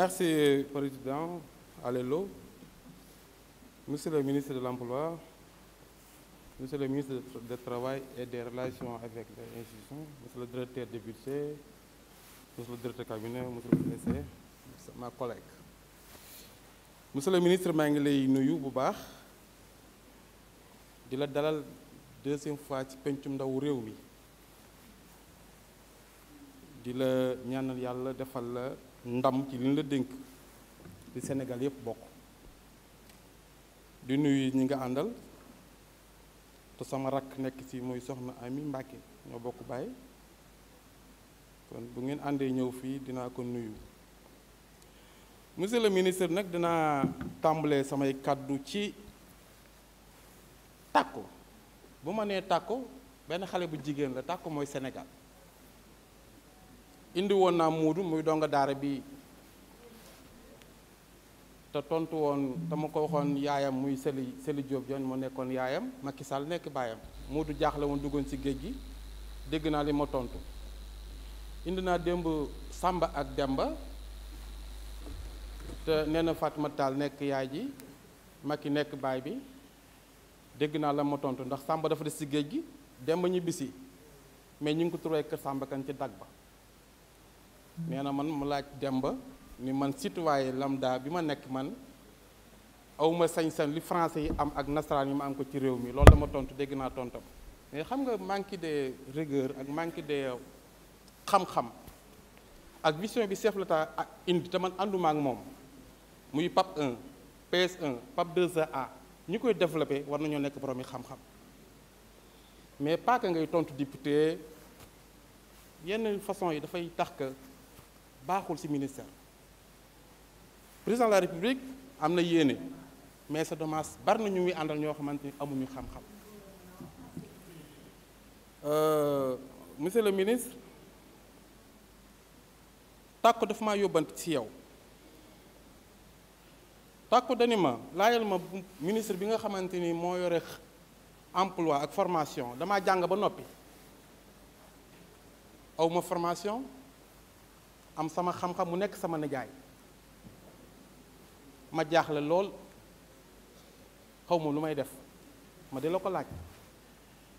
Merci, Président Alelo. Monsieur le ministre de l'Emploi, Monsieur le ministre du Travail et des Relations avec les institutions, Monsieur le directeur du ministre maa ngi lay nuyu bu baax di la dalal deuxième fois ci pencum ndaw réew mi di la ñaanal yàlla defal la. ndam ci liñ la dénk di Sénégal yëpp bokk di nuyu ñi nga àndal te sama rakk nekk ci muy soxna Ami Mbàkke ñoo bokk bàyyi kon bu ngeen àndee ñëw fii dina ko nuyu monsieur le ministre nag dinaa tàmbalee samay kàddu ci tàkko bu ma nee tàkko benn xale bu jigéen la tàkko mooy Sénégal indi woon naa muudu muy donga daara bi te tontu woon dama ko waxoon yaayam muy Sëli Sëli Diop jon mu nekkoon yaayam Macky Sall nekk baayam muudu jaaxle woon duggoon ci géej gi dégg naa li tontu indi naa démb Samba ak Demba te nee na Fatma nekk yaay ji Macky nekk baay bi dégg naa la ma tontu ndax sàmba dafa des ci géej gi Demba ñibbisi mais ñu ngi ko turee kër Samba kan ci dag ba nee na man mu laaj dem ba ni man citoyen lambda bi ma nekk man awma sañ-sañ li français yi am ak nasaraan yi ma am ko ci réew mi loolu la ma tontu dégg naa tontam mais xam nga manque de rigueur ak manque de xam-xam ak vision bi chef l'État ak indi te man ànduma ak moom muy PAP 1 PS1 PAP 2A ñu koy développé war nañoo nekk borom yi xam-xam mais pas ngay tontu député yenn façon yi dafay tax que baaxul ci ministère président de la république am na yéene mais sa dommage bari na ñu muy àndal ñoo xamante ni amuñu xam-xam euh, monsieur le ministre tàkko dafa maa yóbbante ci yow tàkko dani ma laajal ma ministre bi nga xamante ni moo yore emploi ak formation damaa jàng ba noppi awma formation am sama xam-xam mu nekk sama nijaay ma jaaxle lool xaw ma lu may def ma di la ko laaj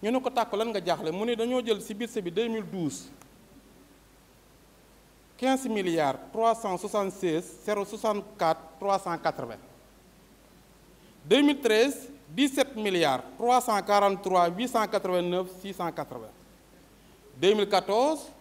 ñu ne ko tàkk lan nga jaaxle mu ne dañoo jël ci budget bi 2012 15 milliards 376 064 380 2013 17 milliards 343 889 680 2014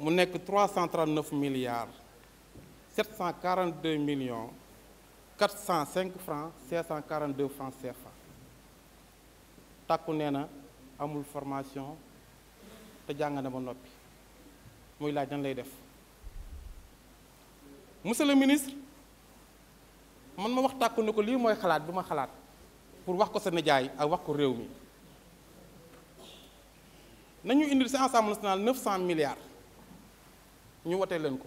mu nekk cent 339 milliards 742 millions 405 francs 642 francs CFA takku nee na amul formation te jàng na ba noppi muy laaj nan lay def monsieur le ministre man ma wax tàkku ne ko lii mooy xalaat bi ma xalaat pour wax ko sa nijaay ak wax ko réew mi nañu indil ci Assemblée nationale cent milliards ñu wote leen ko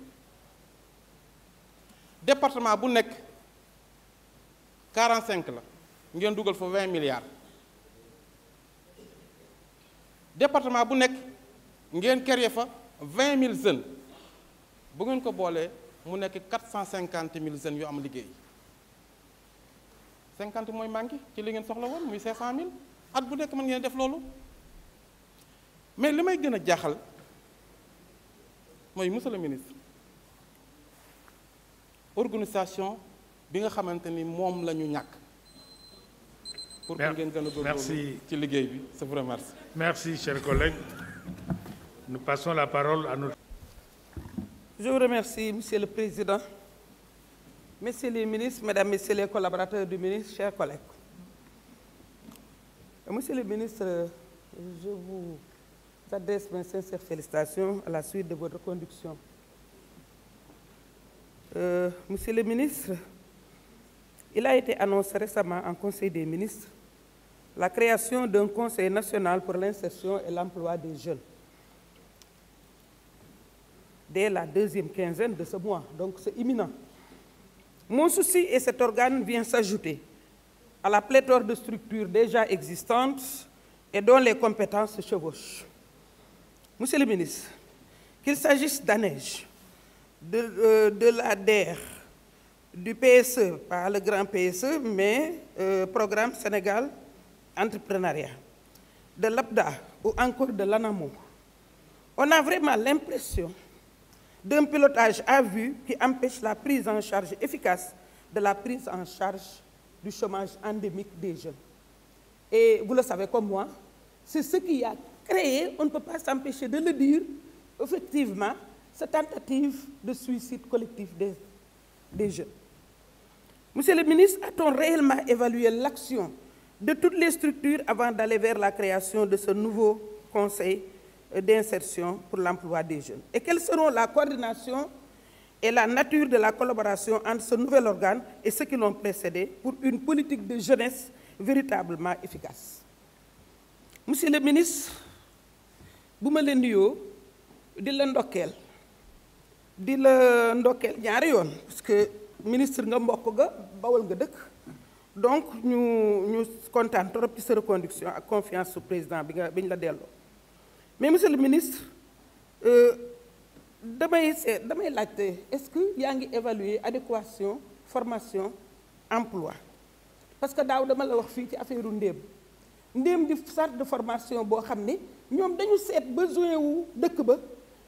département bu nekk 45 la ngeen dugal fa 20 milliards département bu nekk ngeen créer fa vingt mille jeunes bu ngeen ko boolee mu nekk cent 450 000 jeunes yu am liggéey 50 mooy manqué ci li ngeen soxla woon muy 500 000 at bu nekk mën ngeen def loolu mais li may gën a jaaxal. mooy monsieur le ministre organisation bi nga xamante ni moom la ñu ñàkk. pour que ngeen gën a góorgóorlu ci liggéey bi je vous remercie. merci chers collègues nous passons la parole à notre. je vous remercie monsieur le président messieurs les ministres mesdames messieurs les collaborateurs du ministre chers collègues monsieur le t'adresse mes sincères félicitations à la suite de votre reconduction. Euh, monsieur le ministre, il a été annoncé récemment en Conseil des ministres la création d'un Conseil national pour l'insertion et l'emploi des jeunes dès la deuxième quinzaine de ce mois, donc c'est imminent. Mon souci est cet organe vient s'ajouter à la pléthore de structures déjà existantes et dont les compétences se chevauchent. Monsieur le ministre, qu'il s'agisse d'ANEJ, de, euh, de la DER, du PSE, pas le grand PSE, mais euh, Programme Sénégal Entrepreneuriat, de l'APDA ou encore de l'ANAMO, on a vraiment l'impression d'un pilotage à vue qui empêche la prise en charge efficace de la prise en charge du chômage endémique des jeunes. Et vous le savez comme moi, c'est ce qui a créé, on ne peut pas s'empêcher de le dire, effectivement, cette tentative de suicide collectif des, des jeunes. Monsieur le ministre, a-t-on réellement évalué l'action de toutes les structures avant d'aller vers la création de ce nouveau conseil d'insertion pour l'emploi des jeunes Et quelles seront la coordination et la nature de la collaboration entre ce nouvel organe et ceux qui l'ont précédé pour une politique de jeunesse véritablement efficace Monsieur bu ma la nuyoo di la ndokkeel di la ndokkeel ñaari yoon parce que ministre nga mbokk ga bawal nga dëkk donc ñu ñu kontaan trop sa reconduction ak confiance su président bi nga bi ñu la delloo mais monsieur le ministre euh, damay seet damay laajte est-ce que yaa ngi évaluer adéquation formation emploi parce que daaw dama la wax fii ci affaire u ndéem ndém di centre de formation boo xam ni ñoom dañu seet ba besoin wu dëkk ba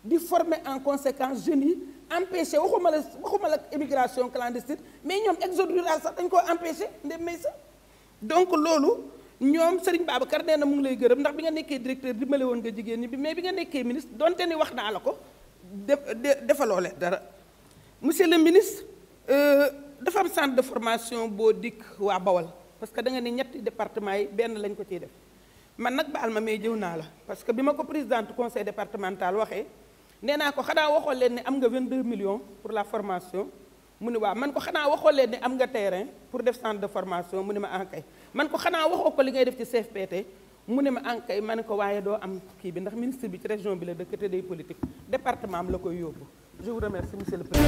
di former en conséquence jeunes yi empêché waxuma la waxuma la immigration clandestine mais ñoom exode rural sax dañ koo empêché ndem may sax donc loolu ñoom Serigne Babacar nee na mu ngi lay gërëm ndax bi nga nekkee directeur dimbale woon nga jigéen ñi bi mais bi nga nekkee ministre donte ni wax naa la ko def defaloo leen dara monsieur le ministre euh, dafa am centre de formation boo dikk waa Bawal. parce que da nga ne ñetti département yi benn lañ ko ciy def man nag baal ma mais jëw naa la parce que bi ma ko présidente conseil départemental waxee nee naa ko xanaa waxoo leen ne am nga 22 millions pour la formation mu ne waaw man ko xanaa waxoo leen ne am nga terrain pour def centre de formation mu ne ma ankay ah, man ko xanaa waxoo ko li ngay def ci CFPT mu ne ma ankay ah, ma ne ko waaye doo am kii bi ndax ministre bi ci région bi la dëkk te day politique la koy yóbbu je vous remercie monsieur le président